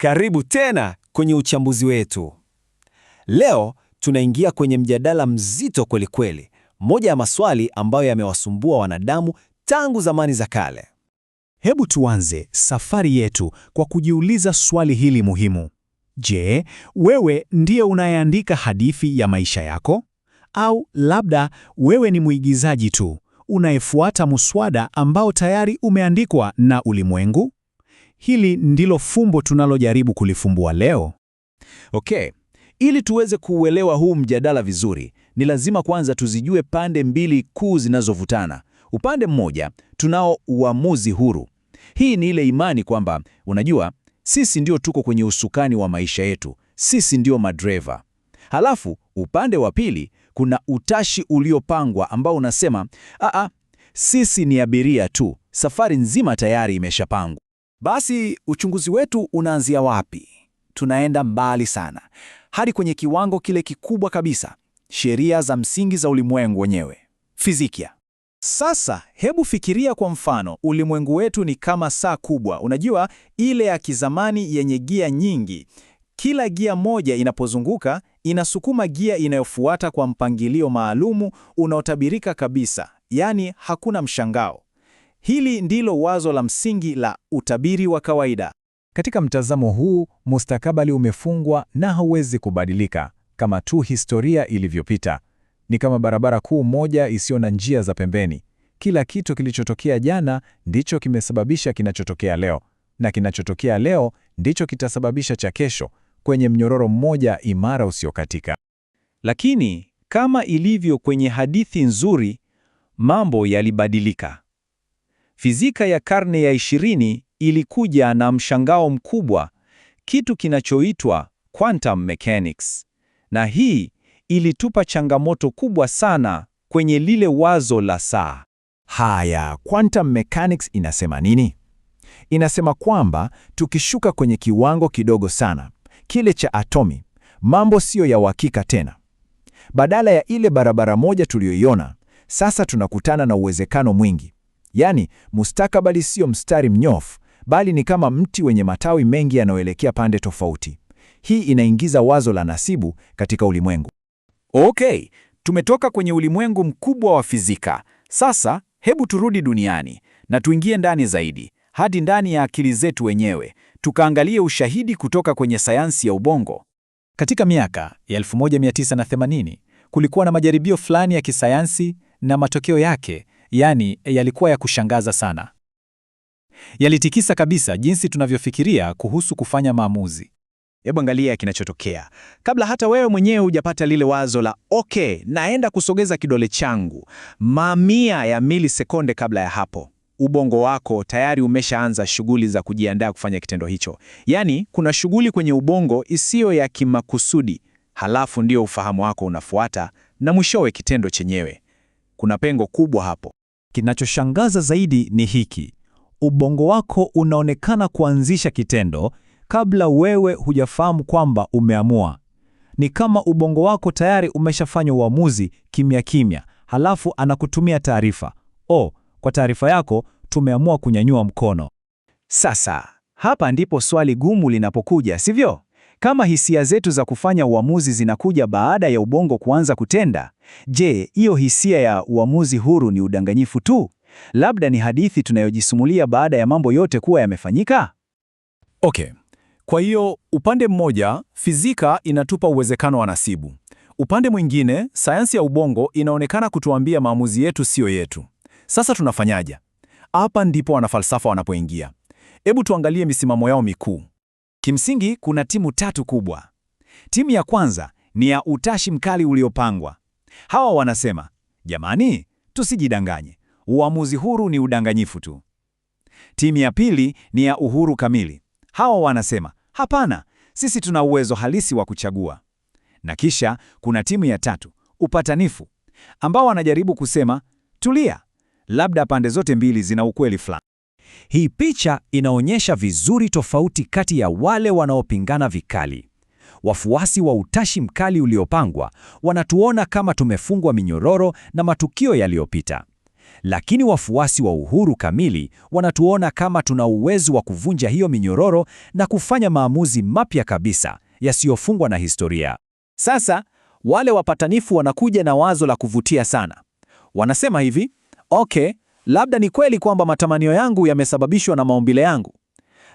Karibu tena kwenye uchambuzi wetu. Leo tunaingia kwenye mjadala mzito kwelikweli, moja ya maswali ambayo yamewasumbua wanadamu tangu zamani za kale. Hebu tuanze safari yetu kwa kujiuliza swali hili muhimu. Je, wewe ndiye unayeandika hadithi ya maisha yako? Au labda wewe ni mwigizaji tu unayefuata muswada ambao tayari umeandikwa na ulimwengu? Hili ndilo fumbo tunalojaribu kulifumbua leo. Okay, ili tuweze kuuelewa huu mjadala vizuri, ni lazima kwanza tuzijue pande mbili kuu zinazovutana. Upande mmoja tunao uamuzi huru. Hii ni ile imani kwamba unajua, sisi ndio tuko kwenye usukani wa maisha yetu, sisi ndio madreva Halafu upande wa pili kuna utashi uliopangwa ambao unasema, aa, sisi ni abiria tu, safari nzima tayari imeshapangwa. Basi uchunguzi wetu unaanzia wapi? Tunaenda mbali sana, hadi kwenye kiwango kile kikubwa kabisa, sheria za msingi za ulimwengu wenyewe, fizikia. Sasa hebu fikiria kwa mfano, ulimwengu wetu ni kama saa kubwa, unajua ile ya kizamani yenye gia nyingi. Kila gia moja inapozunguka inasukuma gia inayofuata kwa mpangilio maalumu unaotabirika kabisa, yaani hakuna mshangao. Hili ndilo wazo la msingi la utabiri wa kawaida. Katika mtazamo huu, mustakabali umefungwa na hauwezi kubadilika kama tu historia ilivyopita. Ni kama barabara kuu moja isiyo na njia za pembeni. Kila kitu kilichotokea jana ndicho kimesababisha kinachotokea leo, na kinachotokea leo ndicho kitasababisha cha kesho, kwenye mnyororo mmoja imara usiokatika. Lakini kama ilivyo kwenye hadithi nzuri, mambo yalibadilika. Fizika ya karne ya ishirini ilikuja na mshangao mkubwa, kitu kinachoitwa quantum mechanics, na hii ilitupa changamoto kubwa sana kwenye lile wazo la saa. Haya, quantum mechanics inasema nini? Inasema kwamba tukishuka kwenye kiwango kidogo sana, kile cha atomi, mambo siyo ya uhakika tena. Badala ya ile barabara moja tuliyoiona, sasa tunakutana na uwezekano mwingi. Yaani, mustakabali siyo mstari mnyofu, bali ni kama mti wenye matawi mengi yanayoelekea pande tofauti. Hii inaingiza wazo la nasibu katika ulimwengu. Okay, tumetoka kwenye ulimwengu mkubwa wa fizika. Sasa hebu turudi duniani na tuingie ndani zaidi, hadi ndani ya akili zetu wenyewe, tukaangalie ushahidi kutoka kwenye sayansi ya ubongo. Katika miaka ya 1980 kulikuwa na majaribio fulani ya kisayansi na matokeo yake yani yalikuwa ya kushangaza sana. Yalitikisa kabisa jinsi tunavyofikiria kuhusu kufanya maamuzi. Hebu angalia kinachotokea kabla hata wewe mwenyewe hujapata lile wazo la okay, naenda kusogeza kidole changu. Mamia ya milisekonde kabla ya hapo, ubongo wako tayari umeshaanza shughuli za kujiandaa kufanya kitendo hicho. Yaani kuna shughuli kwenye ubongo isiyo ya kimakusudi, halafu ndio ufahamu wako unafuata na mwishowe kitendo chenyewe. Kuna pengo kubwa hapo. Kinachoshangaza zaidi ni hiki: ubongo wako unaonekana kuanzisha kitendo kabla wewe hujafahamu kwamba umeamua. Ni kama ubongo wako tayari umeshafanya uamuzi kimya kimya, halafu anakutumia taarifa, oh, kwa taarifa yako tumeamua kunyanyua mkono. Sasa hapa ndipo swali gumu linapokuja, sivyo? Kama hisia zetu za kufanya uamuzi zinakuja baada ya ubongo kuanza kutenda, je, hiyo hisia ya uamuzi huru ni udanganyifu tu? Labda ni hadithi tunayojisimulia baada ya mambo yote kuwa yamefanyika. Okay. Kwa hiyo upande mmoja fizika inatupa uwezekano wa nasibu. Upande mwingine sayansi ya ubongo inaonekana kutuambia maamuzi yetu siyo yetu. Sasa tunafanyaje? Hapa ndipo wanafalsafa wanapoingia. Hebu tuangalie misimamo yao mikuu. Kimsingi kuna timu tatu kubwa. Timu ya kwanza ni ya utashi mkali uliopangwa. Hawa wanasema, jamani, tusijidanganye, uamuzi huru ni udanganyifu tu. Timu ya pili ni ya uhuru kamili. Hawa wanasema, hapana, sisi tuna uwezo halisi wa kuchagua. Na kisha kuna timu ya tatu, upatanifu, ambao wanajaribu kusema, tulia, labda pande zote mbili zina ukweli fulani. Hii picha inaonyesha vizuri tofauti kati ya wale wanaopingana vikali. Wafuasi wa utashi mkali uliopangwa wanatuona kama tumefungwa minyororo na matukio yaliyopita, lakini wafuasi wa uhuru kamili wanatuona kama tuna uwezo wa kuvunja hiyo minyororo na kufanya maamuzi mapya kabisa yasiyofungwa na historia. Sasa wale wapatanifu wanakuja na wazo la kuvutia sana. Wanasema hivi, okay, Labda ni kweli kwamba matamanio yangu yamesababishwa na maumbile yangu,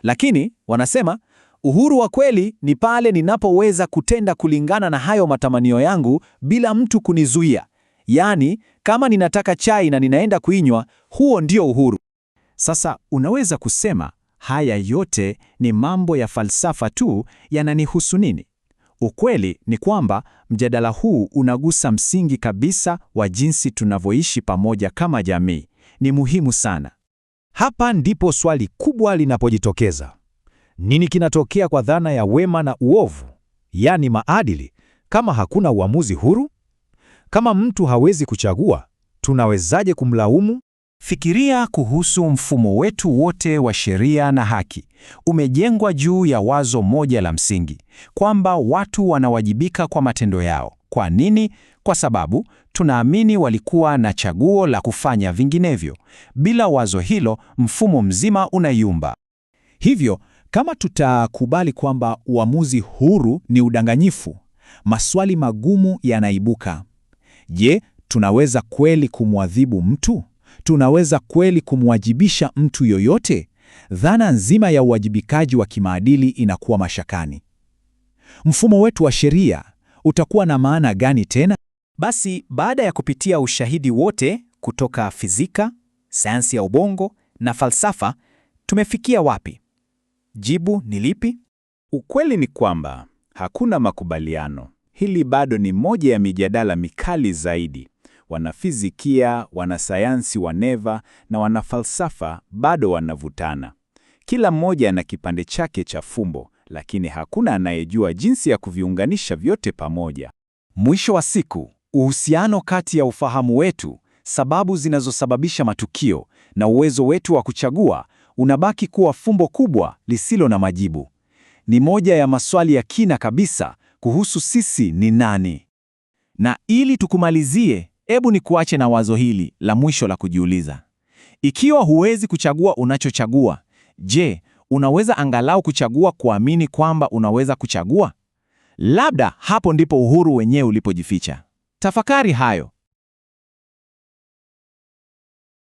lakini wanasema uhuru wa kweli ni pale ninapoweza kutenda kulingana na hayo matamanio yangu bila mtu kunizuia. Yaani, kama ninataka chai na ninaenda kuinywa, huo ndio uhuru. Sasa unaweza kusema haya yote ni mambo ya falsafa tu, yananihusu nini? Ukweli ni kwamba mjadala huu unagusa msingi kabisa wa jinsi tunavyoishi pamoja kama jamii ni muhimu sana. Hapa ndipo swali kubwa linapojitokeza. Nini kinatokea kwa dhana ya wema na uovu, yaani maadili, kama hakuna uamuzi huru? Kama mtu hawezi kuchagua, tunawezaje kumlaumu? Fikiria kuhusu mfumo wetu wote wa sheria na haki. Umejengwa juu ya wazo moja la msingi, kwamba watu wanawajibika kwa matendo yao. Kwa nini? kwa sababu tunaamini walikuwa na chaguo la kufanya vinginevyo. Bila wazo hilo, mfumo mzima unayumba. Hivyo, kama tutakubali kwamba uamuzi huru ni udanganyifu, maswali magumu yanaibuka. Je, tunaweza kweli kumwadhibu mtu? Tunaweza kweli kumwajibisha mtu yoyote? Dhana nzima ya uwajibikaji wa kimaadili inakuwa mashakani. Mfumo wetu wa sheria utakuwa na maana gani tena? Basi baada ya kupitia ushahidi wote kutoka fizika, sayansi ya ubongo na falsafa, tumefikia wapi? Jibu ni lipi? Ukweli ni kwamba hakuna makubaliano. Hili bado ni moja ya mijadala mikali zaidi. Wanafizikia, wanasayansi wa neva na wanafalsafa bado wanavutana. Kila mmoja ana kipande chake cha fumbo, lakini hakuna anayejua jinsi ya kuviunganisha vyote pamoja. Mwisho wa siku, Uhusiano kati ya ufahamu wetu, sababu zinazosababisha matukio, na uwezo wetu wa kuchagua unabaki kuwa fumbo kubwa lisilo na majibu. Ni moja ya maswali ya kina kabisa kuhusu sisi ni nani. Na ili tukumalizie, hebu nikuache na wazo hili la mwisho la kujiuliza. Ikiwa huwezi kuchagua unachochagua, je, unaweza angalau kuchagua kuamini kwamba unaweza kuchagua? Labda hapo ndipo uhuru wenyewe ulipojificha. Tafakari hayo.